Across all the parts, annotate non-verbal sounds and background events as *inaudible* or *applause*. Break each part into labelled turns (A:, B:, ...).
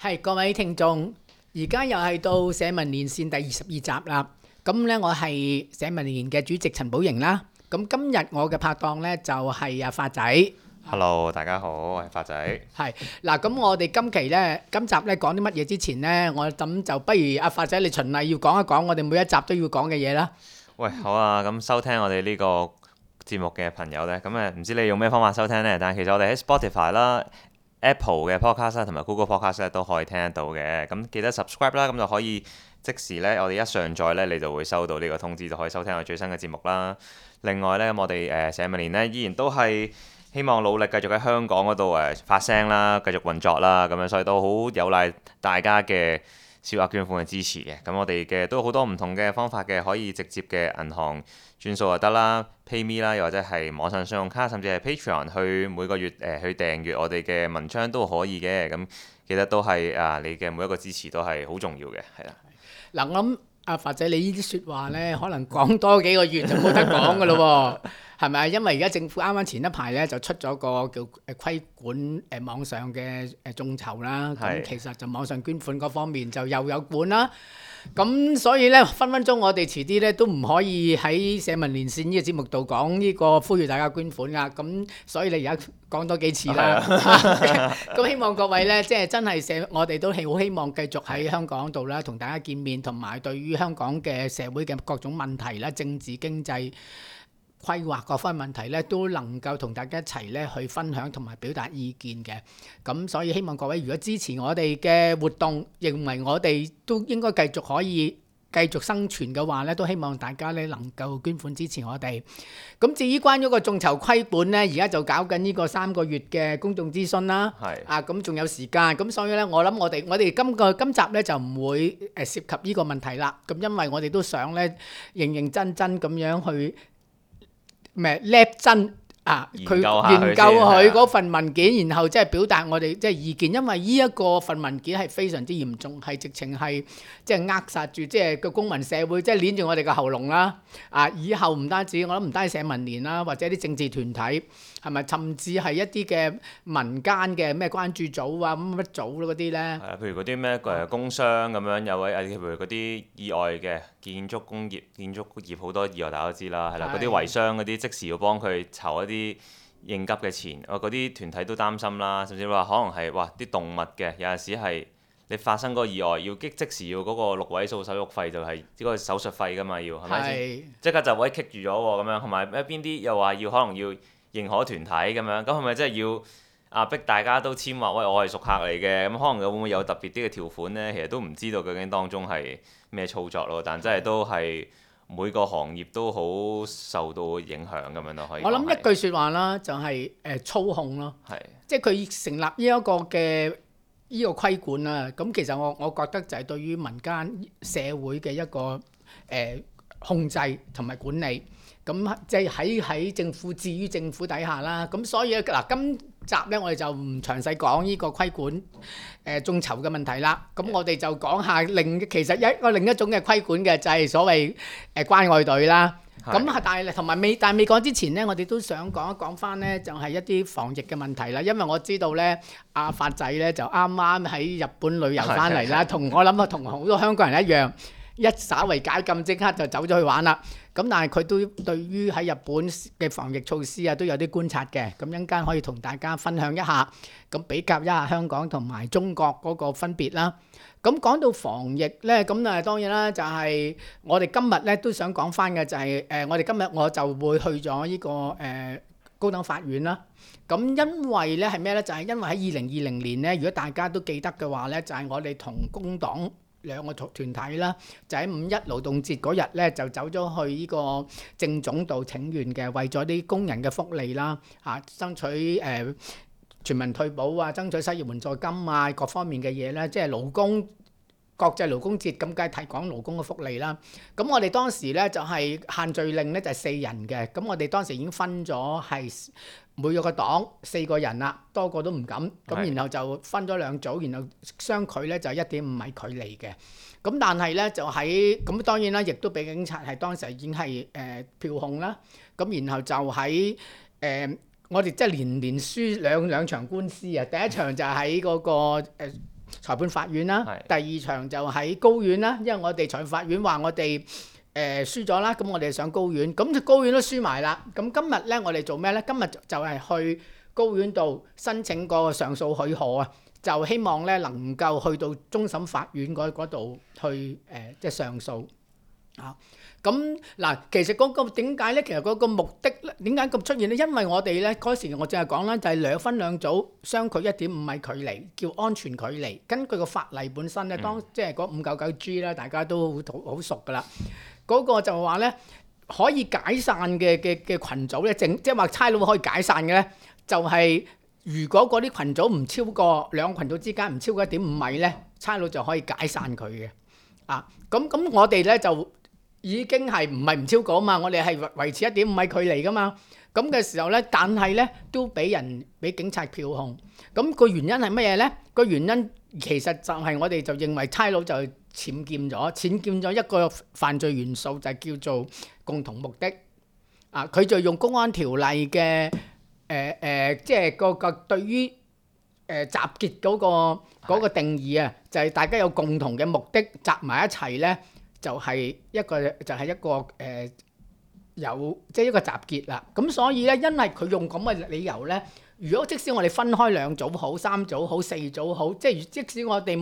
A: 係各位聽眾，而家又係到社民連線第二十二集啦。咁咧，我係社民連嘅主席陳寶瑩啦。咁今日我嘅拍檔咧就係阿發仔。
B: Hello，大家好，我係發仔。
A: 係嗱，咁我哋今期咧，今集咧講啲乜嘢之前咧，我咁就不如阿發仔你循例要講一講我哋每一集都要講嘅嘢啦。
B: 喂，好啊，咁收聽我哋呢個節目嘅朋友咧，咁誒唔知你用咩方法收聽咧？但係其實我哋喺 Spotify 啦。Apple 嘅 Podcast 同埋 Google Podcast 都可以聽得到嘅，咁記得 subscribe 啦，咁就可以即時呢，我哋一上載呢，你就會收到呢個通知，就可以收聽我最新嘅節目啦。另外呢，我哋誒、呃、社民聯咧，依然都係希望努力繼續喺香港嗰度誒發聲啦，繼續運作啦，咁樣所以都好有賴大家嘅小額捐款嘅支持嘅，咁我哋嘅都有好多唔同嘅方法嘅，可以直接嘅銀行轉數就得啦，PayMe 啦，又或者係網上信用卡，甚至係 Patreon 去每個月誒、呃、去訂閲我哋嘅文章都可以嘅，咁其實都係啊，你嘅每一個支持都係好重要嘅，係啦。
A: 嗱，我諗阿、啊、法仔你呢啲説話呢，可能講多幾個月就冇得講嘅咯喎。係咪啊？因為而家政府啱啱前一排咧就出咗個叫誒規管誒網上嘅誒眾籌啦，咁其實就網上捐款嗰方面就又有管啦。咁所以咧分分鐘我哋遲啲咧都唔可以喺社民連線呢個節目度講呢個呼籲大家捐款啦。咁所以你而家講多幾次啦。咁希望各位咧，即係真係社我哋都係好希望繼續喺香港度啦，同大家見面，同埋對於香港嘅社會嘅各種問題啦，政治經濟。規劃各方問題咧，都能夠同大家一齊咧去分享同埋表達意見嘅。咁所以希望各位如果支持我哋嘅活動，認為我哋都應該繼續可以繼續生存嘅話咧，都希望大家咧能夠捐款支持我哋。咁至於關於個眾籌規本咧，而家就搞緊呢個三個月嘅公眾諮詢啦。係是。啊，咁仲有時間，咁所以咧，我諗我哋我哋今個今集咧就唔會誒涉及呢個問題啦。咁因為我哋都想咧認認真真咁樣去。咩叻真啊，佢研究佢份文件，是啊、然後即係表達我哋即係意見，因為呢一個份文件係非常之嚴重，係直情係即係扼殺住，即係個公民社會，即係捏住我哋個喉嚨啦。啊，以後唔單止，我諗唔單止社民連啦，或者啲政治團體。係咪？甚至係一啲嘅民間嘅咩關注組啊，乜乜組嗰、啊、啲呢？係
B: 啊，譬如嗰啲咩工傷咁樣，有位誒，譬如嗰啲意外嘅建築工業建築業好多意外，大家都知啦，係啦。嗰啲維傷嗰啲即時要幫佢籌一啲應急嘅錢，嗰啲團體都擔心啦。甚至話可能係哇啲動物嘅，有陣時係你發生嗰個意外要即即時要嗰個六位數手續費，就係、即、嗰個手術費㗎嘛，要，係咪？即刻就位棘住咗喎，咁樣。同埋一邊啲又話要可能要。要認可團體咁樣，咁係咪真係要啊逼大家都簽話喂我係熟客嚟嘅？咁可能會唔會有特別啲嘅條款呢。其實都唔知道究竟當中係咩操作咯。但真係都係每個行業都好受到影響咁樣都可以。我諗
A: 一句説話啦，就係、是、誒操控咯，是即係佢成立呢一個嘅呢個規管啦。咁其實我我覺得就係對於民間社會嘅一個誒、呃、控制同埋管理。咁即係喺喺政府置於政府底下啦，咁所以咧嗱，今集咧我哋就唔詳細講呢個規管誒眾籌嘅問題啦。咁我哋就講下另其實一個另一種嘅規管嘅就係所謂誒關愛隊啦。咁啊，但係同埋未但係未講之前咧，我哋都想講一講翻咧，就係一啲防疫嘅問題啦。因為我知道咧，阿發仔咧就啱啱喺日本旅遊翻嚟啦，同我諗啊，同好多香港人一樣，一稍為解禁即刻就走咗去玩啦。咁但係佢都對於喺日本嘅防疫措施啊，都有啲觀察嘅，咁陣間可以同大家分享一下，咁比較一下香港同埋中國嗰個分別啦。咁講到防疫咧，咁啊當然啦，就係我哋今日咧都想講翻嘅就係誒，我哋今日我就會去咗呢個誒高等法院啦。咁因為咧係咩咧？就係因為喺二零二零年咧，如果大家都記得嘅話咧，就係我哋同工黨。兩個團團體啦，就喺五一勞動節嗰日咧，就走咗去呢個政總度請願嘅，為咗啲工人嘅福利啦，嚇、啊、爭取誒、呃、全民退保啊，爭取失業援助金啊，各方面嘅嘢咧，即係勞工。國際勞工節咁梗係提講勞工嘅福利啦，咁我哋當時咧就係限聚令咧就係四人嘅，咁我哋當時已經分咗係每個個黨四個人啦，多個都唔敢，咁然後就分咗兩組，然後相距咧就一點五米距離嘅，咁但係咧就喺咁當然啦，亦都俾警察係當時已經係誒、呃、票控啦，咁然後就喺誒、呃、我哋即係連連輸兩兩場官司啊，第一場就喺嗰、那個、呃裁判法院啦，第二場就喺高院啦，因為我哋裁判法院話我哋誒輸咗啦，咁我哋上高院，咁高院都輸埋啦。咁今日咧，我哋做咩咧？今日就係去高院度申請個上訴許可啊，就希望咧能夠去到終審法院嗰嗰度去誒即係上訴啊。咁嗱，那個，其實嗰個點解咧？其實嗰個目的點解咁出現咧？因為我哋咧嗰時我淨係講咧，就係、是、兩分兩組，相距一點五米距離叫安全距離。根據個法例本身咧，嗯、當即係嗰五九九 G 啦，大家都好熟好熟噶啦。嗰、那個就話咧可以解散嘅嘅嘅群組咧，正即係話差佬可以解散嘅咧，就係、是、如果嗰啲群組唔超過兩群組之間唔超過一點五米咧，差佬就可以解散佢嘅啊。咁咁我哋咧就。已經係唔係唔超過啊嘛？我哋係維持一點五米距離噶嘛。咁嘅時候咧，但係咧都俾人俾警察票控。咁個原因係乜嘢咧？個原因其實就係我哋就認為差佬就係僭建咗，僭建咗一個犯罪元素就係叫做共同目的。啊，佢就用公安條例嘅誒誒，即係個個對於誒集結嗰個嗰個定義啊，就係大家有共同嘅目的集埋一齊咧。就係一個就係、是、一個誒、呃、有即係、就是、一個集結啦，咁所以咧，因為佢用咁嘅理由咧，如果即使我哋分開兩組好、三組好、四組好，即係即使我哋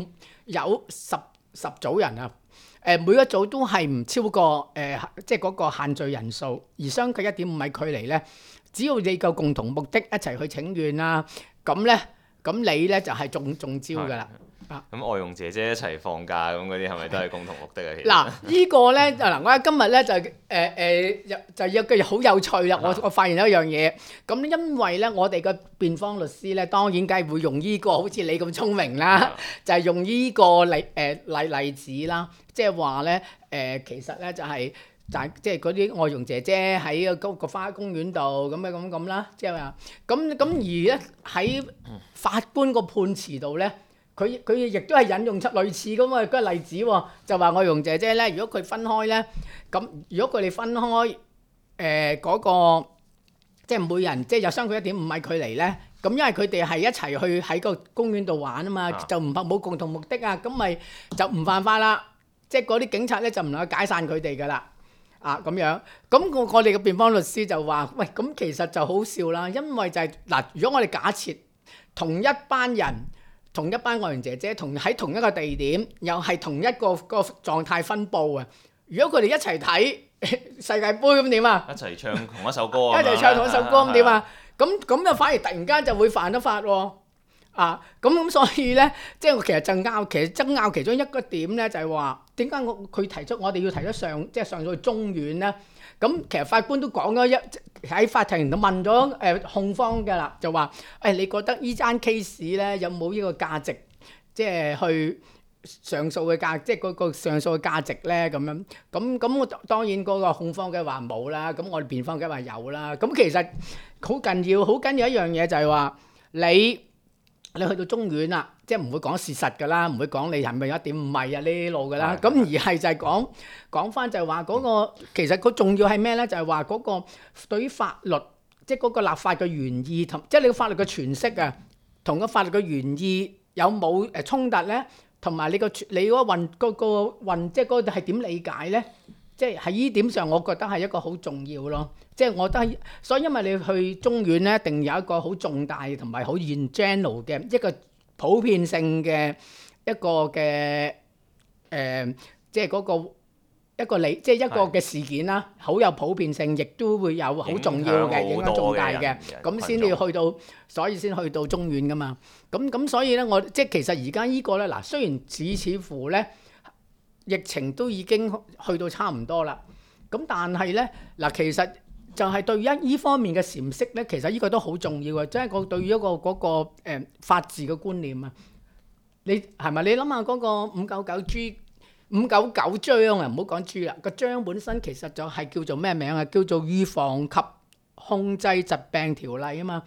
A: 有十十組人啊，誒、呃，每一組都係唔超過誒、呃、即係嗰個限聚人數，而相距一點五米距離咧，只要你夠共同目的一齊去請願啦、啊，咁咧咁你咧就係、是、中中招㗎啦。
B: 咁外傭姐姐一齊放假咁嗰啲係咪都係共同目的啊？嗱、啊，啊、個
A: 呢個咧嗱，我、啊、今日咧就誒誒、呃呃、就有句好有趣啦，我、啊、我發現有一樣嘢。咁、啊、因為咧，我哋個辯方律師咧，當然梗係會用呢、這個，好似你咁聰明啦，啊、 *laughs* 就係用呢、這個、呃、例誒例例子啦，即係話咧誒，其實咧就係即係嗰啲外傭姐姐喺個花公園度咁啊咁咁啦，即、就、係、是、啊咁咁而咧喺法官個判詞度咧。佢佢亦都係引用出類似咁嘅個例子喎，就話我容姐姐咧，如果佢分開咧，咁如果佢哋分開，誒嗰個即係每人即係有相距一點五米距離咧，咁因為佢哋係一齊去喺個公園度玩啊嘛，就唔怕冇共同目的啊，咁咪就唔犯法啦。即係嗰啲警察咧就唔能夠解散佢哋噶啦，啊咁樣。咁我我哋嘅辯方律師就話：喂，咁其實就好笑啦，因為就係嗱，如果我哋假設同一班人。同一班外傭姐姐同喺同一個地點，又係同一個個狀態分佈啊！如果佢哋一齊睇 *laughs* 世界盃咁點啊？一齊
B: 唱同一首歌 *laughs* 一齊唱同一首歌咁點啊？
A: 咁咁又反而突然間就會犯得法喎啊！咁咁所以咧，即係其實爭拗，其實爭拗其中一個點咧，就係話點解我佢提出我哋要提出上，即係上咗去中院咧？咁其實法官都講咗一，喺法庭都問咗誒控方㗎喇，就話誒你覺得呢單 case 咧，有冇呢個價值，即係去上訴嘅價，即係嗰個上訴嘅價值咧咁樣。咁咁我當然嗰個控方嘅話冇啦，咁我哋辯方嘅話有啦。咁其實好緊要，好緊要一樣嘢就係話你。你去到中院啦，即係唔會講事實噶啦，唔會講你係咪有一點唔係啊呢路噶啦，咁而係就係講講翻就係話嗰個其實個重要係咩咧？就係話嗰個對於法律即係嗰個立法嘅原意同即係你個法律嘅詮釋啊，同個法律嘅原意有冇誒衝突咧？同埋你個你嗰個運嗰、嗰個運即係嗰個係點理解咧？即係喺呢點上，我覺得係一個好重要咯。即係我覺得，所以因為你去終院咧，一定有一個好重大同埋好 general 嘅一個普遍性嘅一個嘅誒、呃，即係嗰、那個一個理，即係一個嘅事件啦，好是有普遍性，亦都會有好重要嘅影響重大嘅，咁先至去到，所以先去到終院噶嘛。咁咁所以咧，我即係其實而家呢個咧，嗱雖然只似乎咧。嗯疫情都已經去到差唔多啦，咁但係呢，嗱，其實就係對於呢方面嘅闡釋呢，其實呢個都好重要嘅，即係我對於一個嗰個法治嘅觀念啊，你係咪？你諗下嗰個五九九 G 五九九章啊，唔好講 G 啦，個章本身其實就係叫做咩名啊？叫做《預防及控制疾病條例》啊嘛，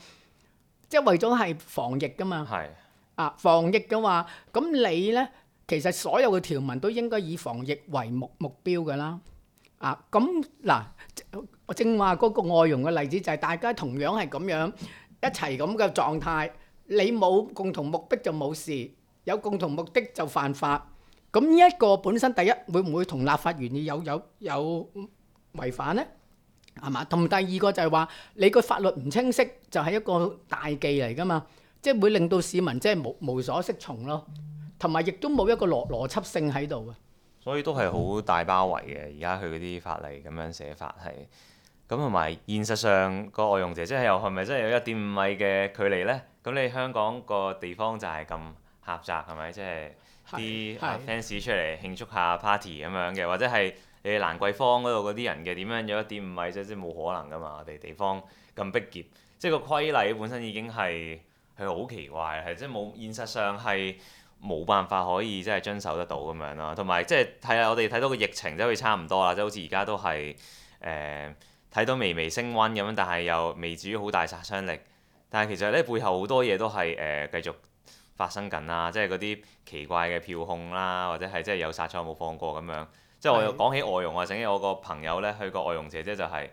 A: 即係為咗係防疫噶嘛，是啊防疫嘅嘛。咁你呢？其實所有嘅條文都應該以防疫為目目標㗎啦，啊咁嗱，正話嗰個外傭嘅例子就係大家同樣係咁樣一齊咁嘅狀態，你冇共同目的就冇事，有共同目的就犯法。咁呢一個本身第一會唔會同立法原意有有有違反呢？係嘛？同第二個就係話你個法律唔清晰，就係一個大忌嚟㗎嘛，即係會令到市民即係無無所適從咯。同埋亦都冇一個邏邏輯性喺度啊，
B: 所以都係好大包圍嘅。而家佢啲法例咁樣寫法係咁，同埋現實上個外用者即係又係咪真係有一點五米嘅距離呢？咁你香港個地方就係咁狹窄係咪？即係啲 fans 出嚟慶祝下 party 咁樣嘅，或者係你蘭桂坊嗰度嗰啲人嘅點樣有一點五米啫？即係冇可能噶嘛？我哋地方咁逼夾，即係個規例本身已經係係好奇怪，係即係冇現實上係。冇辦法可以真係遵守得到咁樣咯，同埋即係睇下我哋睇到個疫情真係差唔多啦，即係好似而家都係誒睇到微微升溫咁樣，但係又未至於好大殺傷力。但係其實呢，背後好多嘢都係誒、呃、繼續發生緊啊，即係嗰啲奇怪嘅票控啦，或者係即係有殺錯冇放過咁樣。即係我又講起外傭啊，醒起我個朋友呢，佢個外傭姐姐就係、是、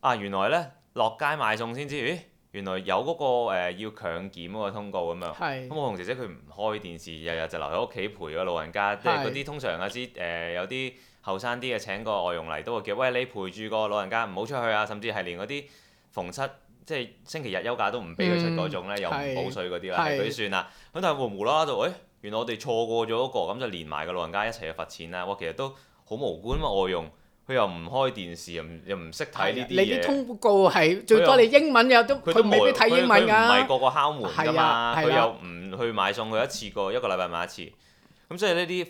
B: 啊，原來呢，落街買餸先知。咦原來有嗰個誒要強檢嗰個通告咁樣，咁我同姐姐佢唔開電視，日日就留喺屋企陪個老人家，即係嗰啲通常啊啲誒有啲後生啲嘅請個外傭嚟都叫喂，你陪住個老人家唔好出去啊，甚至係連嗰啲逢七即係星期日休假都唔俾佢出嗰種咧，又唔補水嗰啲啦，嗰啲算啦。咁但係無啦啦就誒，原來我哋錯過咗嗰個，咁就連埋個老人家一齊去罰錢啦。我其實都好無辜，因為嘛，外傭。佢又唔開電視，又唔又唔識睇呢啲嘢。你啲通
A: 告係最多你英文他又他都，佢未必睇英文㗎。唔係個
B: 個敲門㗎嘛。佢的又唔去買餸，佢一次過的一個禮拜買一次。咁所以呢啲，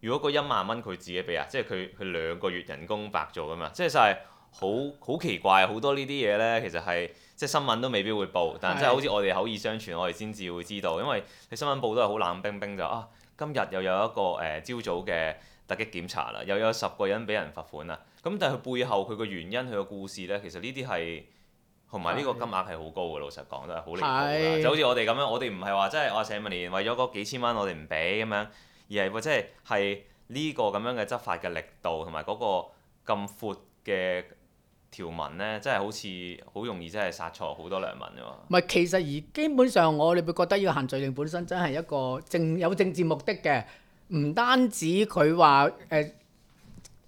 B: 如果個一萬蚊佢自己俾啊，即係佢佢兩個月人工白做㗎嘛。即係就係好好奇怪，好多呢啲嘢呢，其實係即係新聞都未必會報，但係即係好似我哋口耳相傳，我哋先至會知道，因為你新聞報都係好冷冰冰就啊，今日又有一個誒朝、呃、早嘅。突擊檢查啦，又有十個人俾人罰款啦。咁但係佢背後佢個原因、佢個故事呢，其實呢啲係同埋呢個金額係好高嘅。的老實講都係好離譜就好似我哋咁樣，我哋唔係話即係我社民連為咗嗰幾千蚊，我哋唔俾咁樣，而係即係係呢個咁樣嘅執法嘅力度同埋嗰個咁闊嘅條文呢，真係好似好容易真係殺錯好多良民㗎嘛。
A: 唔係，其實而基本上我哋會覺得要個限聚令本身真係一個政有政治目的嘅。唔單止佢話誒，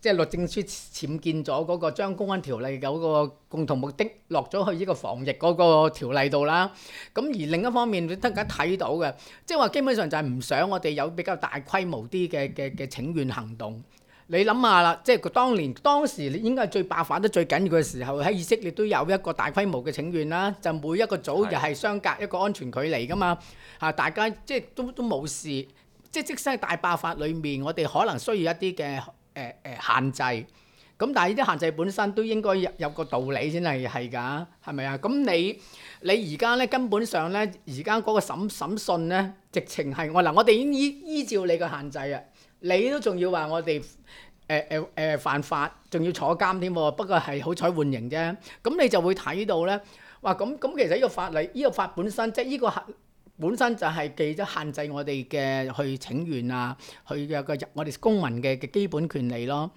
A: 即係律政署僭建咗嗰個將公安條例有個共同目的落咗去呢個防疫嗰個條例度啦。咁而另一方面，你而家睇到嘅，即係話基本上就係唔想我哋有比較大規模啲嘅嘅嘅請願行動。你諗下啦，即係佢當年當時應該係最爆發得最緊要嘅時候，喺以色列都有一個大規模嘅請願啦。就每一個組就係相隔一個安全距離㗎嘛，嚇的大家即係都都冇事。即係即生大爆發裏面，我哋可能需要一啲嘅誒誒限制。咁但係呢啲限制本身都應該有有個道理先係係㗎，係咪啊？咁你你而家咧根本上咧，而家嗰個審審訊咧，直情係我嗱，我哋已經依依依照你嘅限制啊，你都仲要話我哋誒誒誒犯法，仲要坐監添喎？不過係好彩緩刑啫。咁你就會睇到咧，哇！咁咁其實呢個法例，呢、呢個法本身即係呢、呢個本身就係記咗限制我哋嘅去請願啊，去入我哋公民嘅嘅基本權利咯。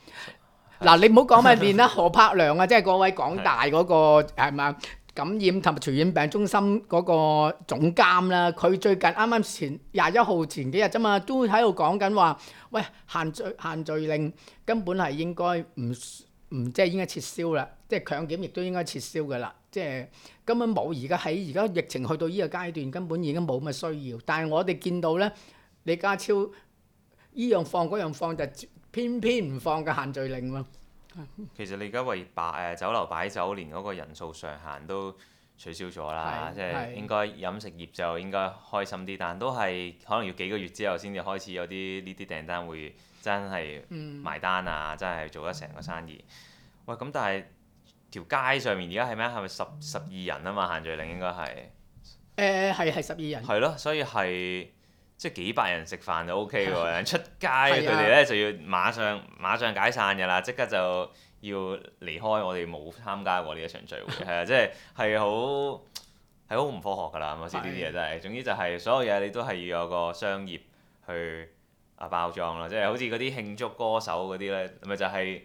A: 嗱， *laughs* 你唔好講啊，面啦。何柏良啊，即係嗰位港大嗰、嗰個係咪 *laughs* 感染同埋傳染病中心嗰個總監啦、啊，佢最近啱啱前廿一號前幾日啫嘛，都喺度講緊話，喂，限聚限聚令根本係應該唔唔即係應該撤銷啦，即係強檢亦都應該撤銷噶啦，即係。根本冇，而家喺而家疫情去到呢個階段，根本已經冇乜需要。但係我哋見到呢，李家超依樣放嗰樣放，就偏偏唔放個限聚令喎。
B: 其實你而家為、呃、酒樓擺酒，連嗰個人數上限都取消咗啦，即係是應該飲食業就應該開心啲。但都係可能要幾個月之後先至開始有啲呢啲訂單會真係埋單啊，嗯、真係做得成個生意。喂、嗯，咁但係。條街上面而家係咩？係咪十十二人啊嘛？限聚令應該係
A: 誒，係係十二人。
B: 係咯，所以係即係幾百人食飯就 OK 喎。的出街佢哋咧就要馬上馬上解散㗎啦，即刻就要離開。我哋冇參加過呢一場聚會，係啊， *laughs* 即係係好係好唔科學㗎啦。唔好意思，呢啲嘢真係。總之就係所有嘢你都係要有個商業去啊包裝啦，即係好似嗰啲慶祝歌手嗰啲咧，咪就係。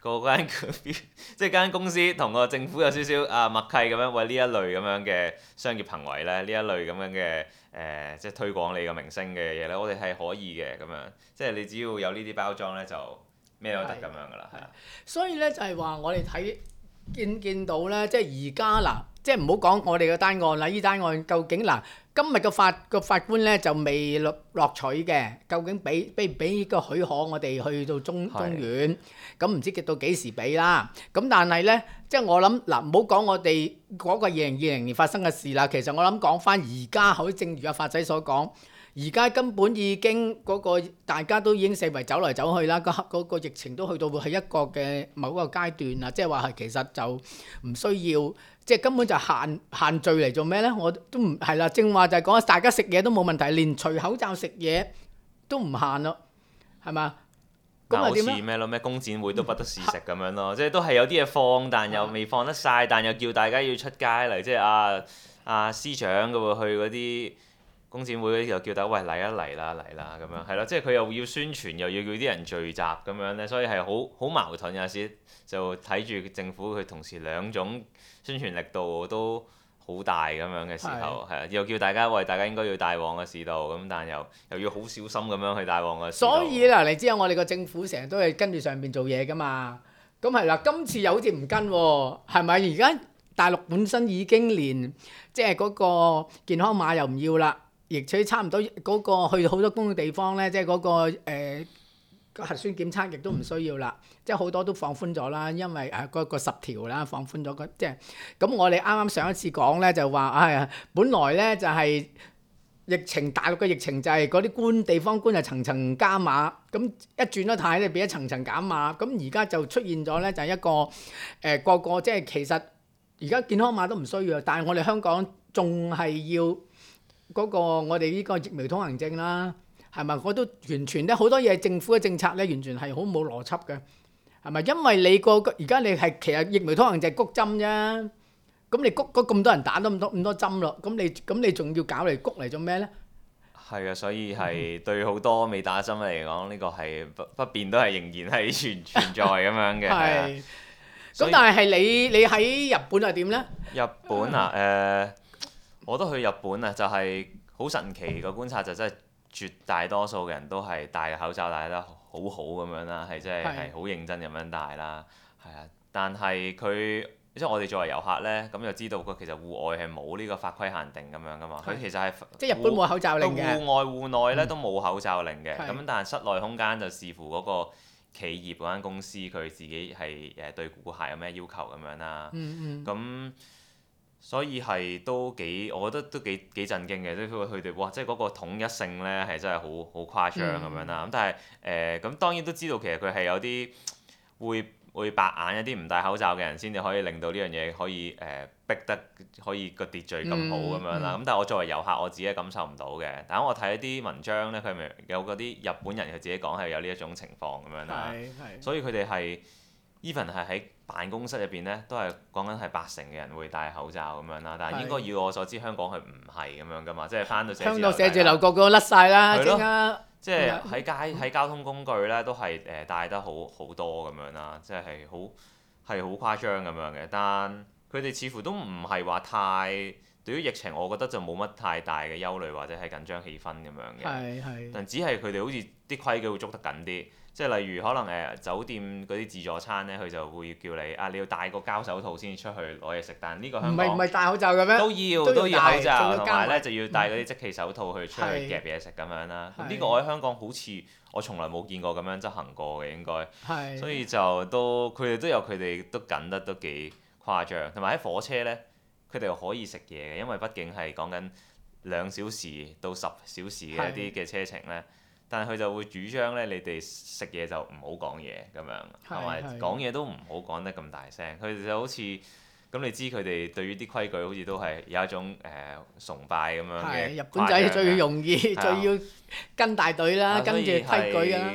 B: 個間嗰邊，即係 *laughs* 間公司同個政府有少少啊默契咁樣，喂呢一類咁樣嘅商業行為咧，呢一類咁樣嘅誒、呃，即係推廣你個明星嘅嘢咧，我哋係可以嘅咁樣，即係你只要有呢啲包裝咧就咩都得咁樣噶啦，係
A: 啊。所以咧就係話我哋睇見見,見到咧，即係而家嗱。即係唔好講我哋個單案啦，呢單案究竟嗱，今日個法個法官咧就未落落取嘅，究竟俾俾唔俾個許可我哋去到中中院？咁唔知到幾時俾啦，咁但係咧，即係我諗嗱，唔好講我哋嗰個二零二零年發生嘅事啦。其實我諗講翻而家，好似正如阿發仔所講，而家根本已經嗰個大家都已經四圍走嚟走去啦。嗰嗰個疫情都去到係一個嘅某個階段啦。即係話係其實就唔需要。即係根本就限限聚嚟做咩呢？我都唔係啦，正話就係講大家食嘢都冇問題，連除口罩食嘢都唔限咯，係咪咁嗱，好似咩
B: 咯？咩工展會都不得試食咁樣咯，即係都係有啲嘢放，但又未放得晒，但又叫大家要出街嚟，即係啊啊司長嘅喎，去嗰啲工展會又叫大家喂嚟啊嚟啦嚟啦咁樣，係咯，即係佢又要宣傳，又要叫啲人聚集咁樣呢，所以係好好矛盾。有時就睇住政府佢同時兩種。宣傳力度都好大咁樣嘅時候，係啊的，又叫大家喂，大家應該要大旺嘅市道咁，但又又要好小心咁樣去大旺嘅市道。所以嗱，
A: 你知啊，我哋個政府成日都係跟住上邊做嘢㗎嘛。咁係啦，今次又好似唔跟喎，哦，係咪？而家大陸本身已經連即係嗰個健康碼又唔要啦，亦取差唔多嗰個去好多公嘅地方咧，即係嗰個，呃個核酸檢測亦都唔需要啦，嗯、即係好多都放寬咗啦，因為誒、啊嗰個十條啦放寬咗即係，咁我哋啱啱上一次講咧就話啊，哎、呀，本來咧就係、是、疫情大陸嘅疫情就係嗰啲官地方官就層層加碼，咁一轉咗軚咧變咗層層減碼，咁而家就出現咗咧就係一個誒、呃、個個即係其實而家健康碼都唔需要，但係我哋香港仲係要嗰、嗰個我哋呢個疫苗通行證啦。係咪？我都完全咧，好多嘢政府嘅政策咧，完全係好冇邏輯嘅。係咪？因為你個而家你係其實疫苗通行就係谷針啫。咁你谷咗咁多人打多咁多咁多針咯，咁你咁你仲要搞嚟谷嚟做咩咧？
B: 係啊，所以係對好多未打針嘅嚟講，呢個係不不變都係仍然係存存在咁樣嘅。係。
A: 咁但係係你你喺日本係點咧？
B: 日本啊，誒，我都去日本啊，就係好神奇個觀察就真係。絕大多數人都係戴口罩戴得好好咁樣啦，係真係係好認真咁樣戴啦，係啊。但係佢，即係我哋作為遊客呢，咁就知道佢其實戶外係冇呢個法規限定咁樣噶嘛。佢的其實係即係日本冇口罩令嘅，戶外戶內呢、嗯、都冇口罩令嘅。咁的但係室內空間就視乎嗰個企業嗰間公司佢自己係誒對顧客有咩要求咁樣啦。咁、嗯。嗯所以係都幾，我覺得都幾幾震驚嘅，即係佢哋哇，即係嗰個統一性呢，係真係好好誇張咁樣啦。咁、嗯、但係誒，咁、呃、當然都知道其實佢係有啲會會白眼一啲唔戴口罩嘅人先至可以令到呢樣嘢可以誒、呃、逼得可以個秩序咁好咁樣啦。咁、嗯嗯、但係我作為遊客我自己感受唔到嘅。但係我睇一啲文章呢，佢咪有嗰啲日本人佢自己講係有呢一種情況咁樣啦。係係。所以佢哋係。Even 係喺辦公室入邊咧，都係講緊係八成嘅人會戴口罩咁樣啦。但係應該以我所知，香港係唔係咁樣㗎嘛？即係翻到寫字樓，翻到寫字樓，寫字樓個個甩晒啦，依家。咯即係喺街喺 *laughs* 交通工具咧，都係誒戴得好好多咁樣啦。即係好係好誇張咁樣嘅。但佢哋似乎都唔係話太對於疫情，我覺得就冇乜太大嘅憂慮或者係緊張氣氛咁樣嘅。但只係佢哋好似啲規矩會捉得緊啲。即係例如可能誒、呃、酒店嗰啲自助餐呢，佢就會叫你啊，你要戴個膠手套先出去攞嘢食，但呢個香港唔係唔係
A: 戴口罩嘅咩？都要都要，都要口罩，同埋咧就要戴
B: 嗰啲即棄手套出去出去夾嘢食咁樣啦。咁呢是個我喺香港好似我從來冇見過咁樣執行過嘅應該，是所以就都佢哋都有佢哋都緊得都幾誇張，同埋喺火車呢，佢哋又可以食嘢嘅，因為畢竟係講緊兩小時到十小時嘅一啲嘅車程呢。是但係佢就會主張咧，你哋食嘢就唔好講嘢咁樣，係咪講嘢都唔好講得咁大聲？佢哋就好似咁、嗯、你知佢哋對於啲規矩好似都係有一種誒、呃、崇拜咁樣嘅。日本仔最容易，吧最要
A: 跟大隊啦，啊、跟住規矩啦。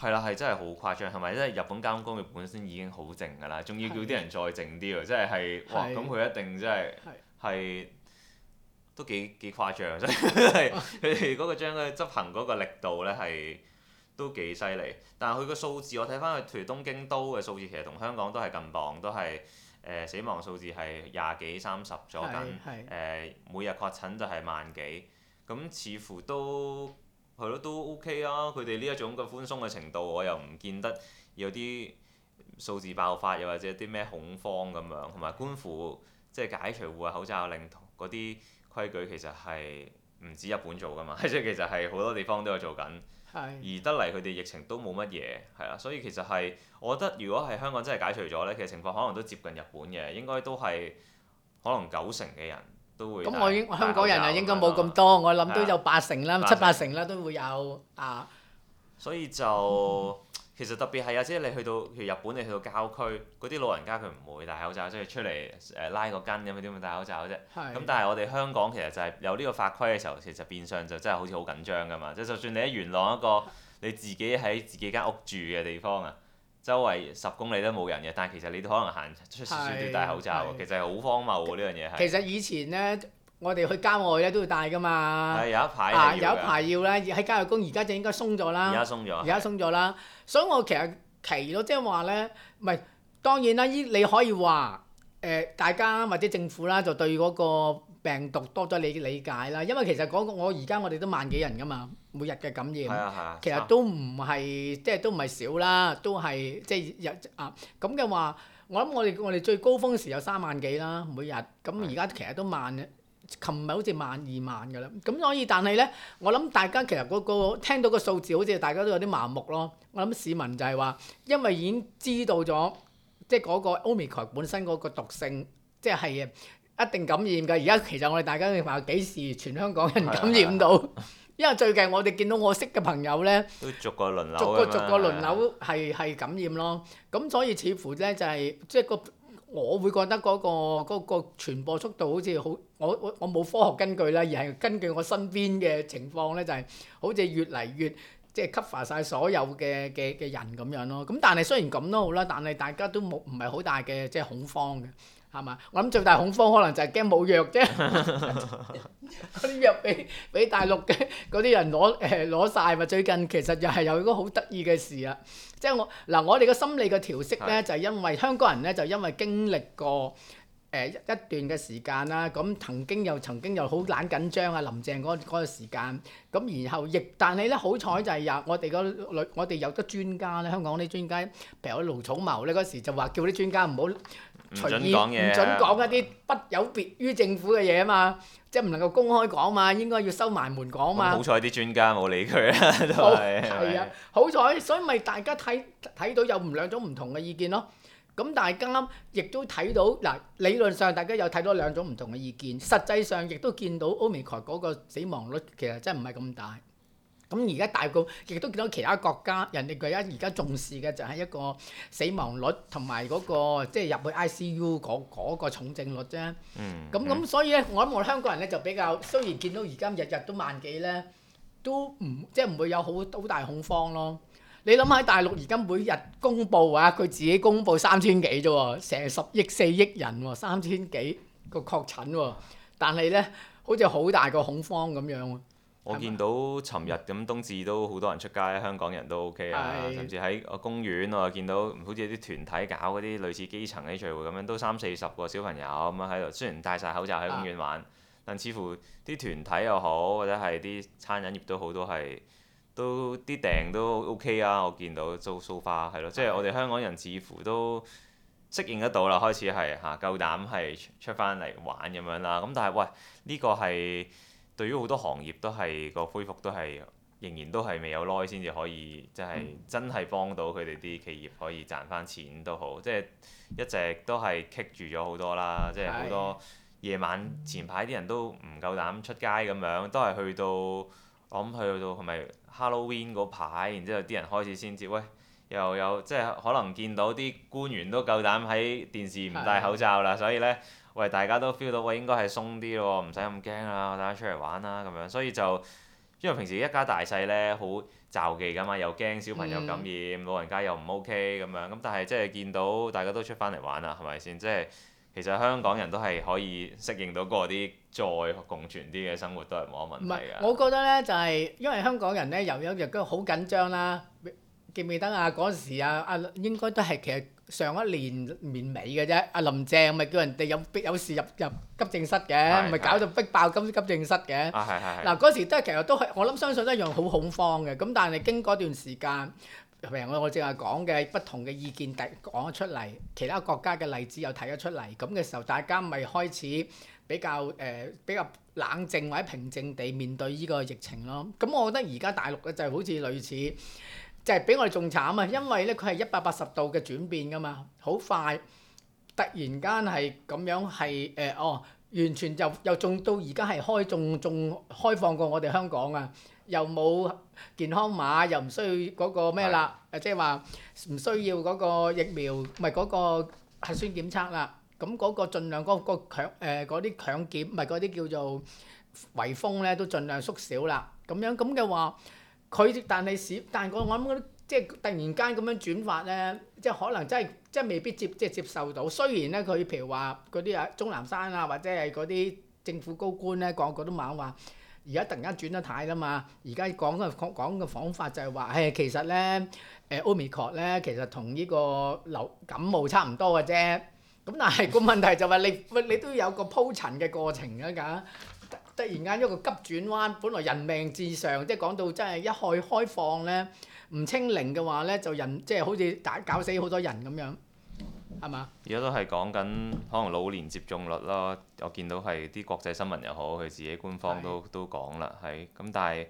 B: 係啦，係真係好誇張，係咪？因為日本交通工具本身已經好靜㗎啦，仲要叫啲人再靜啲喎，是 即係係哇咁佢一定即係係。的都幾幾誇張，真係佢哋嗰個將佢執行嗰個力度呢，係都幾犀利。但係佢個數字我睇翻佢譬如東京都嘅數字，其實同香港都係咁磅，都係誒、呃、死亡數字係廿幾三十咗緊，誒、呃、每日確診就係萬幾。咁、嗯、似乎都係咯、嗯，都 OK 啊。佢哋呢一種咁寬鬆嘅程度，我又唔見得有啲數字爆發，又或者啲咩恐慌咁樣，同埋官府即係、就是、解除戶外口罩令嗰啲。規矩其實係唔止日本做㗎嘛，即係其實係好多地方都有做緊。係。而得嚟佢哋疫情都冇乜嘢，係啦，所以其實係我覺得，如果係香港真係解除咗呢，其實情況可能都接近日本嘅，應該都係可能九成嘅人都會。咁我應香港人就應該冇
A: 咁多，啊、我諗都有八成啦，八成七八成啦都會有啊。
B: 所以就。嗯其實特別係啊，即係你去到，譬如日本，你去到郊區，嗰啲老人家佢唔會戴口罩，即係出嚟誒呃拉個筋咁樣，點會戴口罩啫？咁是但係我哋香港其實就係有呢個法規嘅時候，其實變相就真係好似好緊張㗎嘛。即係就算你喺元朗一個你自己喺自己間屋住嘅地方啊，周圍十公里都冇人嘅，但係其實你都可能行出少少都要戴口罩喎。是其實係好荒謬喎，呢樣嘢係。是其實以
A: 前呢。我哋去郊外咧都要戴噶嘛。係有一排啊，有一排要啦。喺郊外工而家就應該鬆咗啦。而家鬆咗。而家鬆咗啦，的所以我其實奇咯，即係話咧，唔係當然啦。呢你可以話誒、呃，大家或者政府啦，就對嗰個病毒多咗你嘅理解啦。因為其實嗰、那個、我而家我哋都萬幾人噶嘛，每日嘅感染，其實都唔係即係都唔係少啦，都係即係日啊咁嘅話。我諗我哋我哋最高峰時有三萬幾啦，每日咁而家其實都萬。琴日好似萬二萬嘅啦，咁所以但係咧，我諗大家其實嗰、嗰個聽到個數字，好似大家都有啲麻木咯。我諗市民就係話，因為已經知道咗，即係嗰個 Omicron 本身嗰個毒性，即係一定感染㗎。而家其實我哋大家要話幾時全香港人感染到？是的 *laughs* 因為最近我哋見到我識嘅朋友咧，
B: 都逐個輪流，逐個逐個輪流
A: 係，係是的 的感染咯。咁所以似乎咧就係、是、即係個。我會覺得嗰個嗰個傳播速度好似好，我我冇科學根據啦，而係根據我身邊嘅情況咧，就係好似越嚟越即係 cover 曬所有嘅嘅嘅人咁樣咯。咁但係雖然咁都好啦，但係大家都冇唔係好大嘅即係恐慌嘅。係嘛？我諗最大恐慌可能就係驚冇藥啫，嗰啲藥俾俾大陸嘅嗰啲人攞誒攞曬嘛。最近其實又係有一個好得意嘅事啊，即係我嗱，我哋嘅心理嘅調適咧，就係因為香港人咧，就因為經歷過誒一,一段嘅時間啦。咁曾經又曾經又好懶緊張啊，林鄭嗰嗰個時間。咁然後亦但係咧，好彩就係有我哋嗰我哋有得專家咧，香港啲專家，譬如我盧寵茂咧嗰時就話叫啲專家唔好。唔準講嘢，唔準講一啲不有別於政府嘅嘢啊嘛，即係唔能夠公開講嘛，應該要收埋門講嘛。好
B: 彩啲專家冇理佢啦、啊，都係。係啊，
A: 好彩是，所以咪大家睇睇到有唔兩種唔同嘅意見咯。咁但係啱啱亦都睇到嗱，理論上大家又睇到兩種唔同嘅意見，實際上亦都見到 Omicron 嗰個死亡率其實真係唔係咁大。咁而家大個亦都見到其他國家，人哋佢而家重視嘅就係一個死亡率同埋嗰個即係入去 ICU 嗰個重症率啫。咁咁所以咧，我諗我香港人咧就比較，雖然見到而家日日都萬幾咧，都唔即係唔會有好好大恐慌咯。你諗下喺大陸而家每日公布啊，佢自己公布三千幾啫喎，成十億四億人喎，三千幾個確診喎，但係咧好似好大個恐慌咁樣。
B: 我見到尋日咁冬至都好多人出街，香港人都 OK 啊，的甚至喺公園我又見到好似啲團體搞嗰啲類似基層啲聚會咁樣，都三四十個小朋友咁樣喺度，雖然戴晒口罩喺公園玩，的但似乎啲團體又好，或者係啲餐飲業都好都係都啲訂都 OK 啊，我見到都 so far 係咯，即係的我哋香港人似乎都適應得到啦，開始係嚇夠膽係出翻嚟玩咁樣啦，咁但係喂呢、呢個係。對於好多行業都係個恢復都係仍然都係未有耐先至可以即係、就是、真係幫到佢哋啲企業可以賺返錢都好，即係一直都係棘住咗好多啦，對即係好多夜晚前排啲人都唔夠膽出街咁樣，都係去到我諗去到係咪 Halloween 嗰排，然之後啲人開始先至喂又有即係可能見到啲官員都夠膽喺電視唔戴口罩啦，對所以呢。喂，大家都 feel 到喂，應該係鬆啲咯，唔使咁驚啦，大家出嚟玩啦咁樣，所以就因為平時一家大細呢，好棹忌㗎嘛，又驚小朋友感染，嗯、老人家又唔 OK 咁樣，咁但係即係見到大家都出翻嚟玩啦，係咪先？即係其實香港人都係可以適應到過啲再共存啲嘅生活，都係冇乜問題。
A: 唔我覺得呢，就係、是、因為香港人呢，又有日都好緊張啦。記唔記得啊？嗰陣時啊，阿應該都係其實上一年年尾嘅啫。阿林鄭咪叫人哋有逼有事入入急症室嘅，咪搞到逼爆急急症室嘅。嗱嗰、啊、時都係其實都係我諗相信都一樣好恐慌嘅。咁但係經過一段時間，我我正話講嘅不同嘅意見提講咗出嚟，其他國家嘅例子又睇咗出嚟，咁嘅時候大家咪開始比較誒、呃、比較冷靜或者平靜地面對呢個疫情咯。咁、嗯嗯、我覺得而家大陸咧就係好似類似。就係比我哋仲慘啊！因為咧，佢係一百八十度嘅轉變㗎嘛，好快，突然間係咁樣係誒、呃、哦，完全就又仲到而家係開種仲開放過我哋香港啊！又冇健康碼，又唔需要嗰個咩啦？誒的，即係話唔需要嗰個疫苗，唔係嗰個核酸檢測啦。咁嗰個儘量嗰、嗰個強啲強檢，唔係嗰啲叫做圍封咧，都儘量縮小啦。咁樣咁嘅話。佢但係市，但個我諗即係突然間咁樣轉發咧，即係可能真係真係未必接即係接受到。雖然咧，佢譬如話嗰啲啊，鍾南山啊，或者係嗰啲政府高官咧，個個都猛話，而家突然間轉得太啦嘛。而家講嘅講嘅講法就係話，唉，其實咧，誒 Omicron 咧，其實同呢個流感冒差唔多嘅啫。咁但係個問題就係你，你都有個鋪陳嘅過程啊，噶。突然間一個急轉彎，本來人命至上，即係講到真係一開開放呢，唔清零嘅話呢，就人即係好似打搞死好多人咁樣，係嘛？
B: 而家都係講緊可能老年接種率囉，我見到係啲國際新聞又好，佢自己官方都都講啦，係咁，但係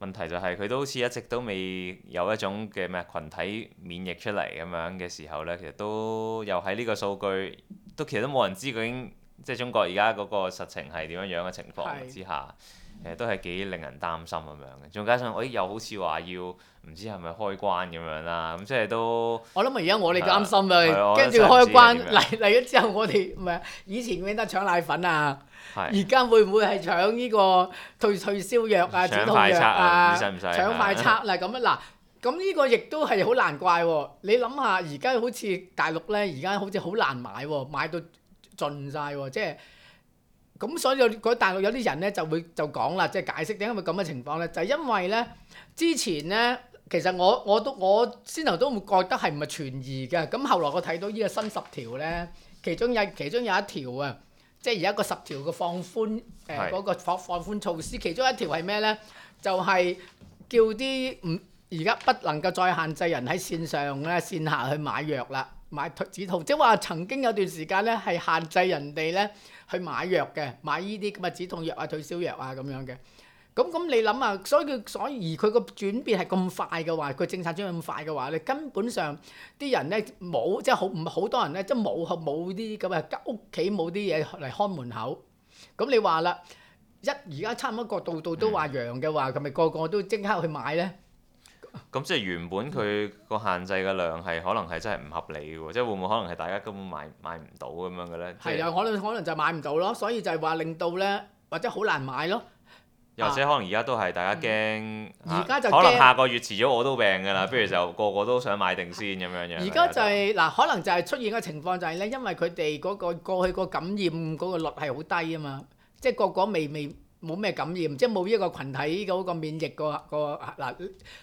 B: 問題就係、是、佢都好似一直都未有一種嘅咩群體免疫出嚟咁樣嘅時候呢，其實都又喺呢個數據都其實都冇人知究竟。即係中國而家嗰個實情係點樣樣嘅情況之下，誒是都係幾令人擔心咁樣嘅。仲加上，哎，又好似話要唔知係咪開關咁樣啦。咁即係都，我
A: 諗啊，而家我哋擔心啊，跟住開關嚟嚟咗之後，我哋唔係以前記得搶奶粉啊，而家是會唔會係搶呢個退退燒藥啊、止痛藥啊、啊是是搶快測啦咁啊嗱？咁呢個亦都係好難怪喎。你諗下，而家好似大陸咧，而家好似好難買喎，買到。盡晒喎，即係咁，所以我嗰大陸有啲人咧就會就講啦，即係解釋點解會咁嘅情況咧，就係因為咧之前咧，其實我我都我先頭都會覺得係唔係存疑嘅，咁後來我睇到呢個新十條咧，其中有其中有一條啊，即係而家個十條嘅放寬誒嗰個放放寬措施，其中一條係咩咧？就係叫啲唔而家不能夠再限制人喺線上咧線下去買藥啦。買退止痛，即係話曾經有段時間咧係限制人哋咧去買藥嘅，買依啲咁嘅止痛藥啊、退燒藥啊咁樣嘅。咁咁你諗下，所以佢所以而佢個轉變係咁快嘅話，佢政策轉咁快嘅話，你根本上啲人咧冇即係好唔好多人咧，即係冇冇啲咁嘅屋企冇啲嘢嚟看門口。咁你話啦，一而家差唔多個度度都話陽嘅話，咁咪個個都即刻去買咧？
B: 咁即係原本佢個限制嘅量係可能係真係唔合理嘅喎，即係會唔會可能係大家根本買買唔到咁樣嘅咧？係啊，可
A: 能可能就買唔到咯，所以就係話令到咧或者好難買咯，又或者
B: 可能而家都係大家驚，而家就可能下個月遲咗我都病㗎啦，不如就個個都想買定先咁樣樣。而家
A: 就係嗱，可能就係出現嘅情況就係咧，因為佢哋嗰個過去個感染嗰個率係好低啊嘛，即係個個未未。冇咩感染，即係冇呢一個羣體嗰個免疫個個嗱，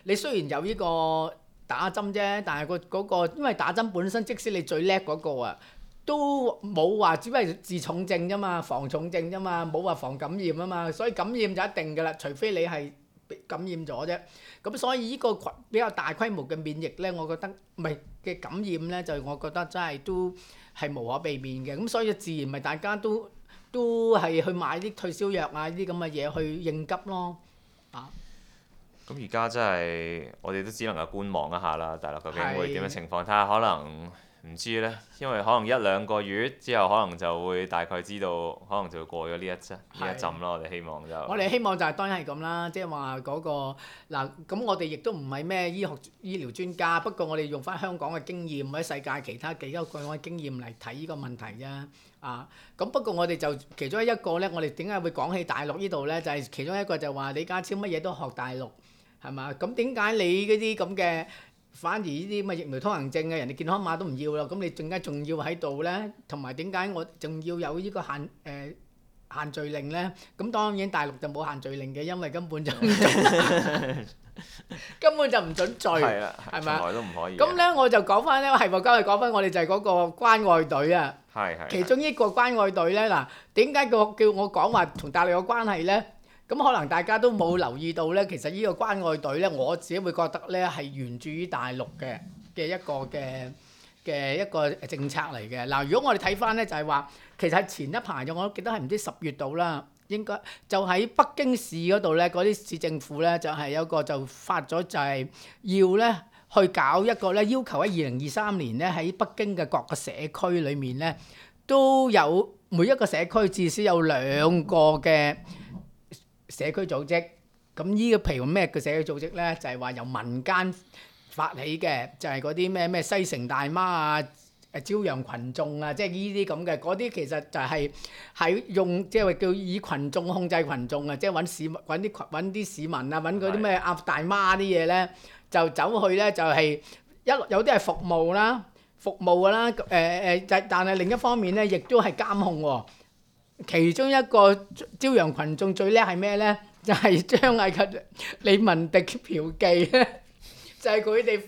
A: 你雖然有呢個打針啫，但係個嗰個因為打針本身，即使你最叻嗰個啊，都冇話只不過係治重症啫嘛，防重症啫嘛，冇話防感染啊嘛，所以感染就一定㗎啦，除非你係感染咗啫。咁所以呢個羣比較大規模嘅免疫咧，我覺得唔係嘅感染咧，就我覺得真係都係無可避免嘅。咁所以自然咪大家都～都係去買啲退燒藥啊，呢啲咁嘅嘢去應急咯，
B: 咁而家真係我哋都只能夠觀望一下啦，大陸究竟會點嘅情況？睇下是可能。唔知咧，因為可能一兩個月之後，可能就會大概知道，可能就會過咗呢一陣呢一陣咯。我哋希望就我哋希
A: 望就係當然係咁啦，即係話嗰個嗱咁，我哋亦都唔係咩醫學醫療專家，不過我哋用翻香港嘅經驗或者世界其他幾多國嘅經驗嚟睇呢個問題啫。啊咁不過我哋就其中一個咧，我哋點解會講起大陸呢度咧？就係其中一個就話李家超乜嘢都學大陸係嘛？咁點解你嗰啲咁嘅？反而依啲咁嘅疫苗通行證嘅人哋健康碼都唔要啦，咁你仲加重要喺度咧？同埋點解我仲要有依個限誒限聚令咧？咁當然大陸就冇限聚令嘅，因為根本就
B: 根
A: 本就唔準聚，係咪啊？都
B: 唔可以。咁咧
A: 我就講翻咧，係喎，今日講翻我哋就係嗰個關愛隊啊。係係。
B: 其中
A: 一個關愛隊咧，嗱，點解叫我叫我講話同大陸有關係咧？咁可能大家都冇留意到呢，其實呢個關愛隊呢，我自己會覺得呢係源自於大陸嘅嘅一個嘅嘅一個政策嚟嘅。嗱，如果我哋睇翻呢，就係話其實前一排我記得係唔知十月度啦，應該就喺北京市嗰度呢，嗰啲市政府呢，就係有個就發咗就係要呢去搞一個呢要求喺二零二三年呢，喺北京嘅各個社區裡面呢，都有每一個社區至少有兩個嘅社區組織，咁呢個譬如咩嘅社區組織咧，就係、是、話由民間發起嘅，就係嗰啲咩咩西城大媽啊、誒朝陽群眾啊，即係呢啲咁嘅，嗰啲其實就係、是、喺用，即、就、係、是、叫以群眾控制群眾啊，即係揾市揾啲揾啲市民啊，揾嗰啲咩阿大媽啲嘢咧，就走去咧就係、是、一有啲係服務啦，服務啦，誒誒就但係另一方面咧，亦都係監控喎、啊。其中一個朝陽群眾最叻係咩呢？就係張藝及李文迪嫖妓咧， *laughs* 就係佢哋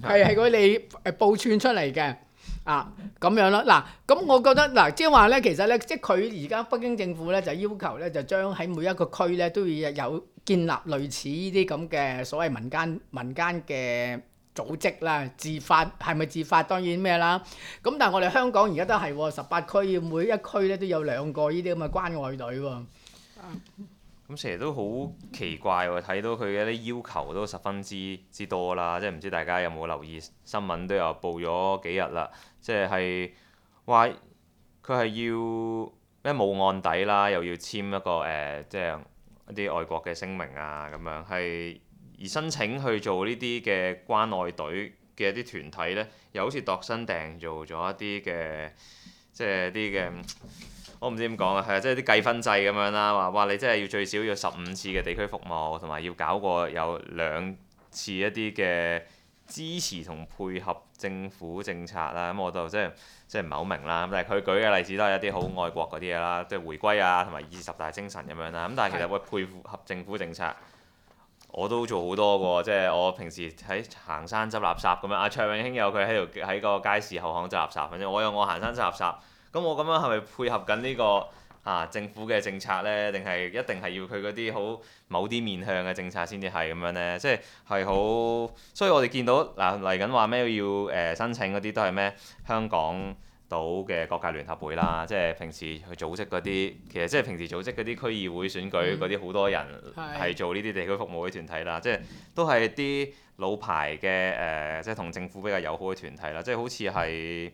A: 係係佢哋誒報串出嚟嘅啊咁樣咯。嗱咁我覺得嗱，即係話呢，其實呢，即係佢而家北京政府呢，就要求呢，就將喺每一個區呢，都要有建立類似呢啲咁嘅所謂民間民間嘅組織啦，自發係咪自發？當然咩啦。咁但係我哋香港而家都係喎、哦，十八區要每一區咧都有兩個呢啲咁嘅關愛隊喎、哦。
B: 咁成日都好奇怪喎、哦，睇到佢嘅啲要求都十分之之多啦。即係唔知大家有冇留意新聞，都有報咗幾日啦。即係話佢係要咩冇案底啦，又要簽一個誒、呃，即係一啲外國嘅聲明啊，咁樣係。而申請去做呢啲嘅關愛隊嘅一啲團體呢，又好似度身訂做咗一啲嘅，即係啲嘅，我唔知點講啦，係啊，即係啲計分制咁樣啦，話哇你真係要最少要十五次嘅地區服務，同埋要搞過有兩次一啲嘅支持同配合政府政策啦，咁我就真係即係唔係好明啦，但係佢舉嘅例子都係一啲好愛國嗰啲嘢啦，即係回歸啊，同埋二十大精神咁樣啦，咁但係其實會配合政府政策。嗯我都做好多喎，即、就、係、是、我平時喺行山執垃圾咁樣。阿卓永興有佢喺度，喺個街市後巷執垃、垃圾，反正我有我行山執垃圾。咁我咁樣係咪配合緊、這、呢個啊政府嘅政策呢？定係一定係要佢嗰啲好某啲面向嘅政策先至係咁樣呢？即係係好，所以我哋見到嗱嚟緊話咩要誒、呃、申請嗰啲都係咩香港？到嘅各界聯合會啦，即係平時去組織嗰啲，其實即係平時組織嗰啲區議會選舉嗰啲好多人係做呢啲地區服務嘅團體啦，嗯、即係都係啲老牌嘅誒、呃，即係同政府比較友好嘅團體啦，即係好似係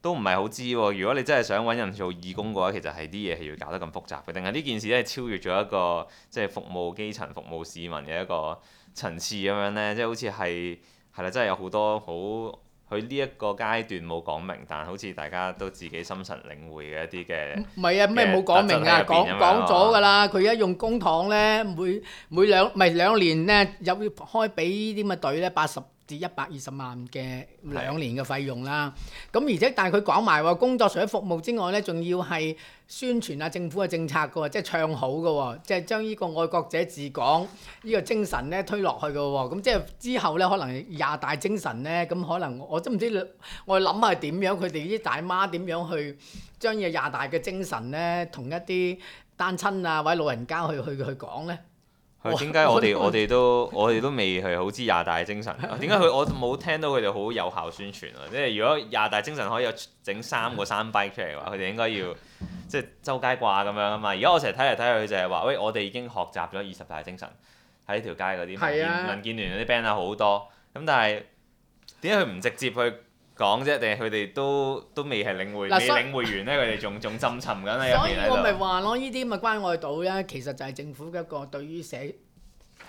B: 都唔係好知喎。如果你真係想揾人做義工嘅話，其實係啲嘢係要搞得咁複雜嘅，定係呢件事真係超越咗一個即係服務基層服務市民嘅一個層次咁樣咧？即係好似係係啦，真係有好多好。佢呢一個階段冇講明，但好似大家都自己心神領會嘅一啲嘅。
A: 唔係、嗯、啊，咩冇講明啊，講講咗㗎啦。佢而家用公帑咧，每每兩唔係兩年咧，有開俾啲乜隊咧八十。至一百二十萬嘅兩年嘅費用啦，咁的而且但係佢講埋喎，工作除咗服務之外咧，仲要係宣傳啊政府嘅政策嘅喎，即係唱好嘅喎，即係將呢個愛國者治港呢個精神咧推落去嘅喎，咁即係之後咧可能廿大精神咧，咁可能我都唔知，我諗下點樣，佢哋啲大媽點樣去將呢個廿大嘅精神咧同一啲單親啊、或者老人家去去去講咧。
B: 點解我哋 *laughs* 我哋都我哋都未係好知廿大精神？點解佢我冇聽到佢哋好有效宣傳啊？即係如果廿大精神可以有整三個三梯出嚟嘅話，佢哋應該要即係、就是、周街掛咁樣啊嘛！而家我成日睇嚟睇去，就係話喂，我哋已經學習咗二十大精神喺呢條街嗰啲民、啊、民建聯嗰啲 band 啊好多，咁但係點解佢唔直接去？講啫，定係佢哋都都未係領會，未、啊、領會完咧，佢哋仲仲浸沉緊 *laughs* 所以我咪
A: 話咯，呢啲咪關愛隊啫，其實就係政府一個對於社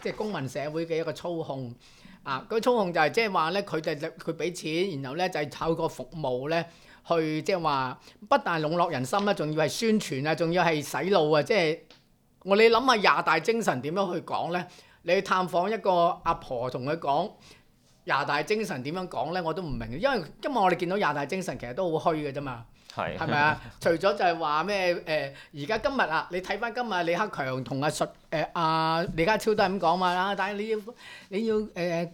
A: 即係公民社會嘅一個操控。啊，個操控就係即係話咧，佢哋佢俾錢，然後咧就係透過服務咧去即係話不但係籠絡人心啦，仲要係宣傳啊，仲要係洗腦啊，即、就、係、是、我你諗下廿大精神點樣去講咧？你去探訪一個阿婆，同佢講。廿大精神點樣講呢？我都唔明，因為今日我哋見到廿大精神其實都好虛嘅啫嘛，係咪啊？ *laughs* 除咗就係話咩誒，而、呃、家今日啊，你睇翻今日李克強同阿術誒阿、呃呃、李家超都係咁講嘛，啊！但係你要你要誒、呃、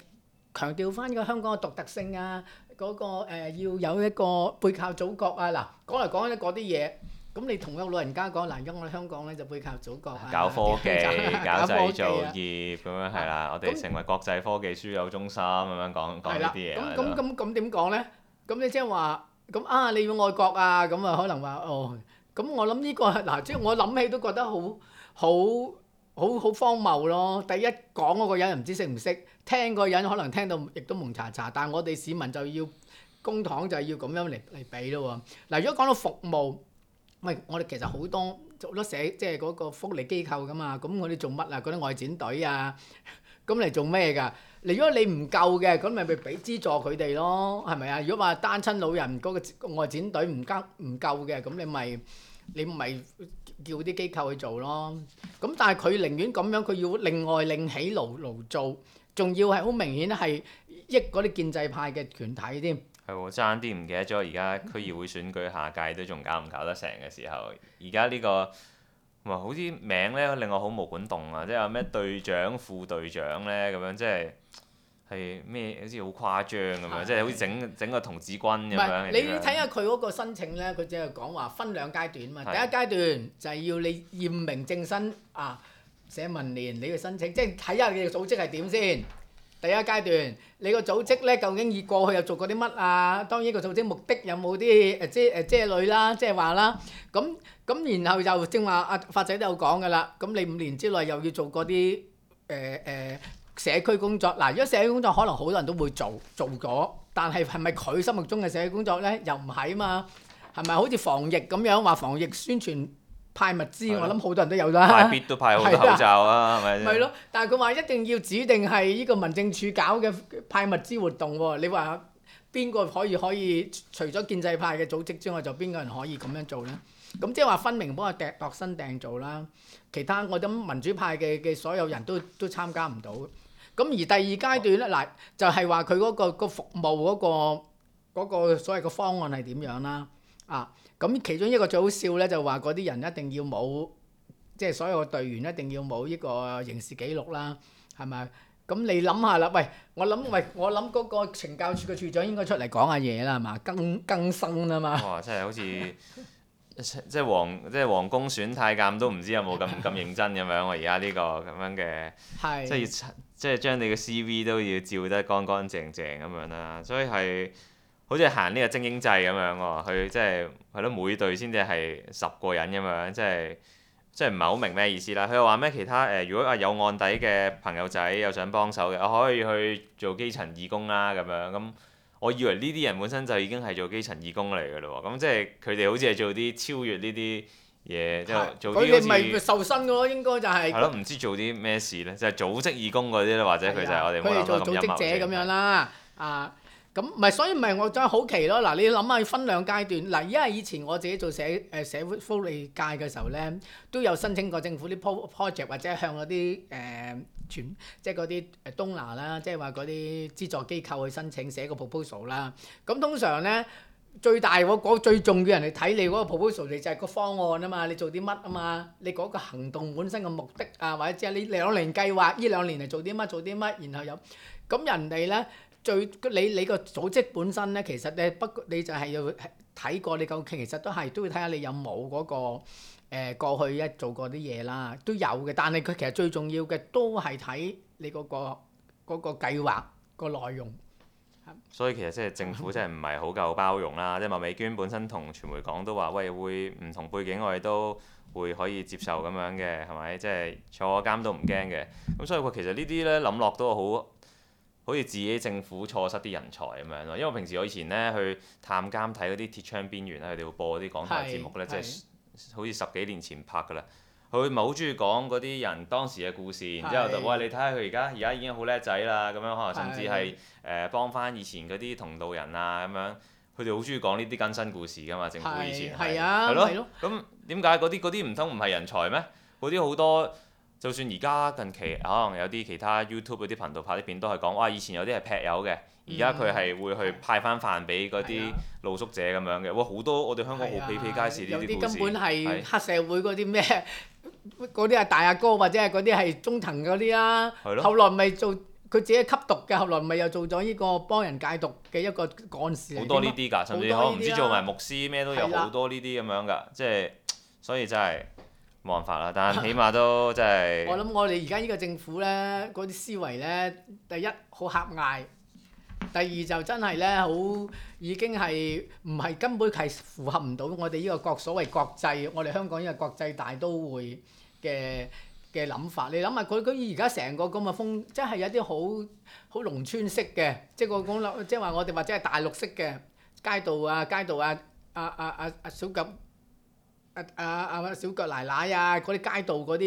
A: 強調翻個香港嘅獨特性啊，嗰、那個、呃、要有一個背靠祖國啊，嗱、呃，講嚟講去，嗰啲嘢。咁你同個老人家講，嗱，咁我哋香港咧就背靠祖國嚇，搞科技、搞製造
B: 業咁樣係啦。我哋成為國際科技輸入中心咁樣講講呢啲嘢。係啦，咁咁咁
A: 咁點講咧？咁你即係話咁啊？你要愛國啊？咁啊，可能話哦咁我諗呢個嗱，即係我諗起都覺得好好好好荒謬咯。第一講嗰個人唔知識唔識，聽嗰個人可能聽到亦都蒙查查，但係我哋市民就要公帑就係要咁樣嚟嚟畀咯喎。嗱，如果講到服務。唔係，我哋其實好多好多社，即係嗰個福利機構噶嘛。咁我哋做乜啊？嗰啲外展隊啊，咁嚟做咩㗎？你如果你唔夠嘅，咁咪咪俾資助佢哋咯，係咪啊？如果話單親老人嗰個外展隊唔夠唔夠嘅，咁你咪你咪叫啲機構去做咯。咁但係佢寧願咁樣，佢要另外另起爐爐做，仲要係好明顯係益嗰啲建制派嘅團體添。
B: 係喎，爭啲唔記得咗，而家區議會選舉下屆都仲搞唔搞得成嘅時候，而家、呢個、呢個好似名咧令我好無管動啊！即係有咩隊長、副隊長咧咁樣，即係係咩？好似好誇張咁樣，的即係好似整整個童子軍咁樣。你睇下
A: 佢嗰個申請咧，佢淨係講話分兩階段嘛。的第一階段就係要你驗明正身啊，寫文連你嘅申請，即係睇下你嘅組織係點先。第一階段，你個組織咧究竟以過去又做過啲乜啊？當然個組織目的有冇啲誒即誒即類啦，即係話啦。咁咁然後就正話阿法仔都有講噶啦。咁你五年之內又要做過啲誒誒社區工作嗱，如果社區工作可能好多人都會做做咗，但係係咪佢心目中嘅社區工作咧？又唔係啊嘛？係咪好似防疫咁樣話防疫宣傳？派物資，的我諗好多人都有啦。派 b 都派好口罩
B: 啊，係咪先？係
A: 咯的的，但係佢話一定要指定係呢個民政處搞嘅派物資活動喎、哦。你話邊個可以可以，可以除咗建制派嘅組織之外，就邊個人可以咁樣做咧？咁即係話分明幫佢訂度身訂做啦。其他我諗民主派嘅嘅所有人都都參加唔到。咁而第二階段咧，嗱 *laughs* 就係話佢嗰個、嗰個服務嗰、嗰個嗰、嗰個所謂嘅方案係點樣啦？啊！咁其中一個最好笑呢，就話嗰啲人一定要冇，即係所有嘅隊員一定要冇呢個刑事記錄啦，係咪？咁你諗下啦，喂，我諗，喂，我諗嗰個懲教處嘅處長應該出嚟講下嘢啦，係嘛？更更生啊嘛～哇！
B: 真係好似 *laughs* 即係皇，即係皇宮選太監都唔知有冇咁咁認真咁樣喎！而家呢個咁樣嘅 *laughs* ，
A: 即係要
B: 即係將你嘅 CV 都要照得乾乾淨淨咁樣啦，所以係。好似行呢個精英制咁樣喎，哦，佢即係係咯，每隊先至係十個人咁樣，即係即係唔係好明咩意思啦？佢又話咩？其他誒、呃，如果話有案底嘅朋友仔又想幫手嘅，我可以去做基層義工啦咁樣。咁我以為呢啲人本身就已經係做基層義工嚟㗎咯。咁即係佢哋好似係做啲超越呢啲嘢，即係是做啲佢哋唔係受
A: 薪嘅咯，應該就係。係咯，唔
B: 知做啲咩事呢，就係、是、組織義工嗰啲或者佢就係、是啊、我哋。佢哋做組織者咁
A: 樣啦，啊啊咁唔係，所以唔係我真係好奇咯。嗱，你要諗下分兩階段。嗱，因為以前我自己做社誒社會福利界嘅時候咧，都有申請過政府啲 pro project 或者向嗰啲誒全即係嗰啲東拿啦，即係話嗰啲資助機構去申請寫個 proposal 啦。咁、嗯、通常咧，最大我講最重要人哋睇你嗰個 proposal，你就係個方案啊嘛，你做啲乜啊嘛，你嗰個行動本身嘅目的啊，或者即係你兩年計劃呢兩年嚟做啲乜做啲乜，然後有咁人哋咧。最你你個組織本身咧，其實咧不你就係要睇過你究期，其實都係都會睇下你有冇嗰個誒過去一做過啲嘢啦，都有嘅。但係佢其實最重要嘅都係睇你嗰個嗰個計劃個內容。
B: 所以其實即係政府真係唔係好夠包容啦，即係麥美娟本身同傳媒講都話，喂會唔同背景，我哋都會可以接受咁樣嘅，係咪？即係坐監都唔驚嘅。咁所以佢其實呢啲咧諗落都好。好似自己政府錯失啲人才咁樣咯，因為平時我以前呢去探監睇嗰啲鐵窗邊緣咧，佢哋會播啲港台節目呢，即係好似十幾年前拍噶啦，佢咪好中意講嗰啲人當時嘅故事，是然之後就喂，你睇下佢而家，而家已經好叻仔啦，咁樣可能甚至係誒是、呃、幫翻以前嗰啲同道人啊，咁樣，佢哋好中意講呢啲更新故事噶嘛，政府以前係咯，咁點解嗰啲嗰啲唔通唔係人才咩？嗰啲好多。就算而家近期可能有啲其他 YouTube 嗰啲頻道拍啲片都，都係講哇，以前有啲係劈友嘅，
A: 而家佢係
B: 會去派翻飯俾嗰啲露宿者咁樣嘅。哇，好多我哋香港好比比皆是呢啲故事、啊、有啲根本係黑
A: 社會嗰啲咩？嗰啲係大阿哥或者係嗰啲係中層嗰啲啊。係咯的。後來咪做佢自己吸毒嘅，後來咪又做咗呢個幫人戒毒嘅一個幹事。好多呢啲㗎，甚至可能唔知做埋牧
B: 師咩都有好多呢啲咁樣㗎，即係的、就是、所以真係。冇辦法啦，但係起碼都真係。我諗
A: 我哋而家呢個政府咧，嗰啲思維咧，第一好狹隘，第二就真係咧好已經係唔係根本係符合唔到我哋呢個國所謂國際，我哋香港呢個國際大都會嘅嘅諗法。你諗下佢佢而家成個咁嘅風，真係有啲好好農村式嘅，即係我講諗，即係話我哋或者係大陸式嘅街道啊、街道啊、啊啊啊啊小巷。啊啊啊！小腳奶奶啊，嗰啲街道嗰啲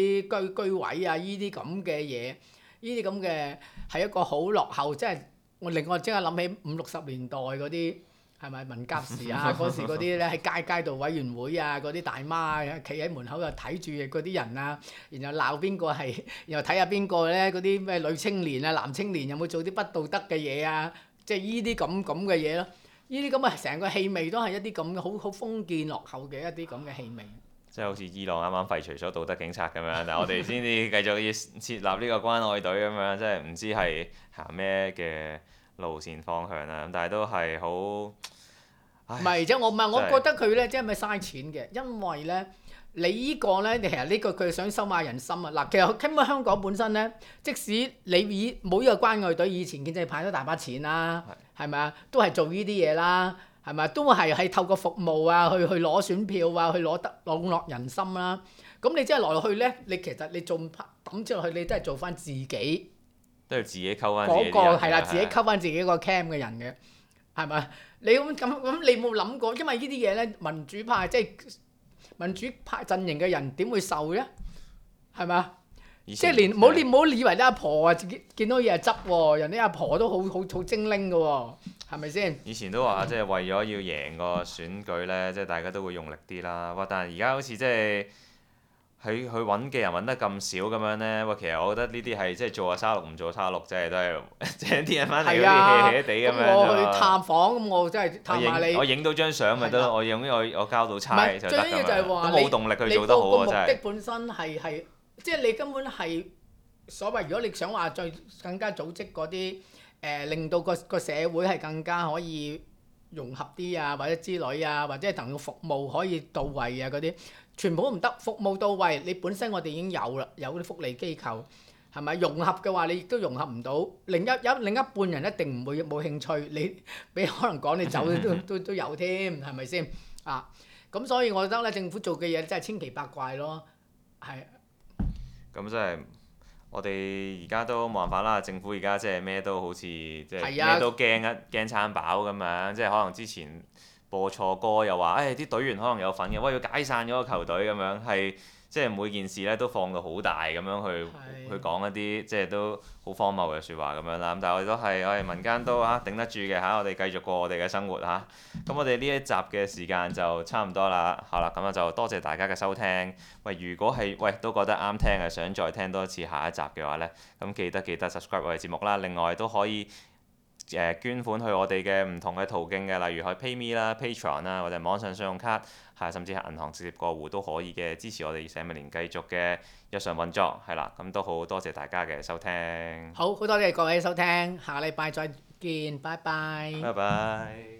A: 居居委啊，呢啲咁嘅嘢，呢啲咁嘅係一個好落後，即係我令我即刻諗起五六十年代嗰啲係咪文革、啊、 *laughs* 時啊嗰時嗰啲咧喺街街道委員會啊嗰啲大媽啊，企喺門口又睇住嗰啲人啊，然後鬧邊個係，又睇下邊個咧嗰啲咩女青年啊、男青年有冇做啲不道德嘅嘢啊，即係呢啲咁咁嘅嘢咯。呢啲咁啊，成個氣味都係一啲咁嘅好好封建落後嘅一啲咁嘅氣味。
B: 即係好似伊朗啱啱廢除咗道德警察咁樣， *laughs* 但係我哋先至繼續要設立呢個關愛隊咁樣，即係唔知係行咩嘅路線方向啦。但係都係好。
A: 唔係即我唔係，就係、我覺得佢咧即係咪嘥錢嘅，因為咧。你依個咧，你其實呢個佢想收買人心啊！嗱，其實根本香港本身咧，即使你以冇依個關愛隊以前建制派都大把錢啦，係咪啊？都係做依啲嘢啦，係咪？都係係透過服務啊，去去攞選票啊，去攞得攬落人心啦。咁你即係來來去咧，你其實你仲拍抌咗落去，你都係做翻自己，
B: 都要自己溝翻嗰個係啦，自己溝翻
A: 自己個 cam 嘅人嘅，係咪？你咁咁咁，你有冇諗過？因為依啲嘢咧，民主派即係。民主派陣營嘅人點會受呢？係咪？
B: 即係連唔好你唔
A: 好以為啲阿婆啊，自己見到嘢係執喎，人哋阿婆都好好好精靈嘅喎、啊，係咪先？
B: 以前都話即係為咗要贏個選舉呢，即係大家都會用力啲啦。哇！但係而家好似即係。佢佢揾嘅人揾得咁少咁樣咧，喂，其實我覺得呢啲係即係做下沙律唔做沙律，即係都係即係啲人翻嚟嗰啲怯怯地咁樣、啊、就。我去探
A: 訪，咁我真係探下你。我
B: 影到張相咪得，咯、啊，我影我我交到差最緊要就係話。咁冇動力去你做得好的目的
A: 本身係係，即係的、就是、你根本係所謂。如果你想話再更加組織嗰啲誒，令到個個社會係更加可以融合啲啊，或者之類啊，或者等個服務可以到位啊嗰啲。全部都唔得，服務到位，你本身我哋已經有啦，有啲福利機構，係咪融合嘅話，你亦都融合唔到。另一一另一半人一定唔會冇興趣，你俾可能講你走都都有添，係咪先？啊，咁所以我覺得咧，政府做嘅嘢真係千奇百怪咯。係。
B: 咁真係，我哋而家都冇辦法啦。政府而家即係咩都好似即係咩都驚一驚餐飽咁樣，即係可能之前。播錯歌又話，誒啲隊員可能有份嘅，喂要解散咗個球隊咁樣，係即係每件事呢都放到好大咁樣去的去講一啲即係都好荒謬嘅説話咁樣啦。咁但係我哋都係我哋民間都啊頂得住嘅吓、啊，我哋繼續過我哋嘅生活吓，咁、啊、我哋呢一集嘅時間就差唔多啦，好啦，咁啊就多謝大家嘅收聽。喂，如果係喂都覺得啱聽嘅，想再聽多一次下一集嘅話呢，咁記得記得 subscribe 我哋節目啦。另外都可以。誒捐款去我哋嘅唔同嘅途徑嘅，例如去 PayMe 啦、Patreon 啦，或者網上信用卡，係甚至係銀行直接過戶都可以嘅，支持我哋社民連繼續嘅日常運作，係啦，咁都好多謝大家嘅收聽。
A: 好，好多謝各位收聽，下禮拜再見，拜拜。拜
B: 拜。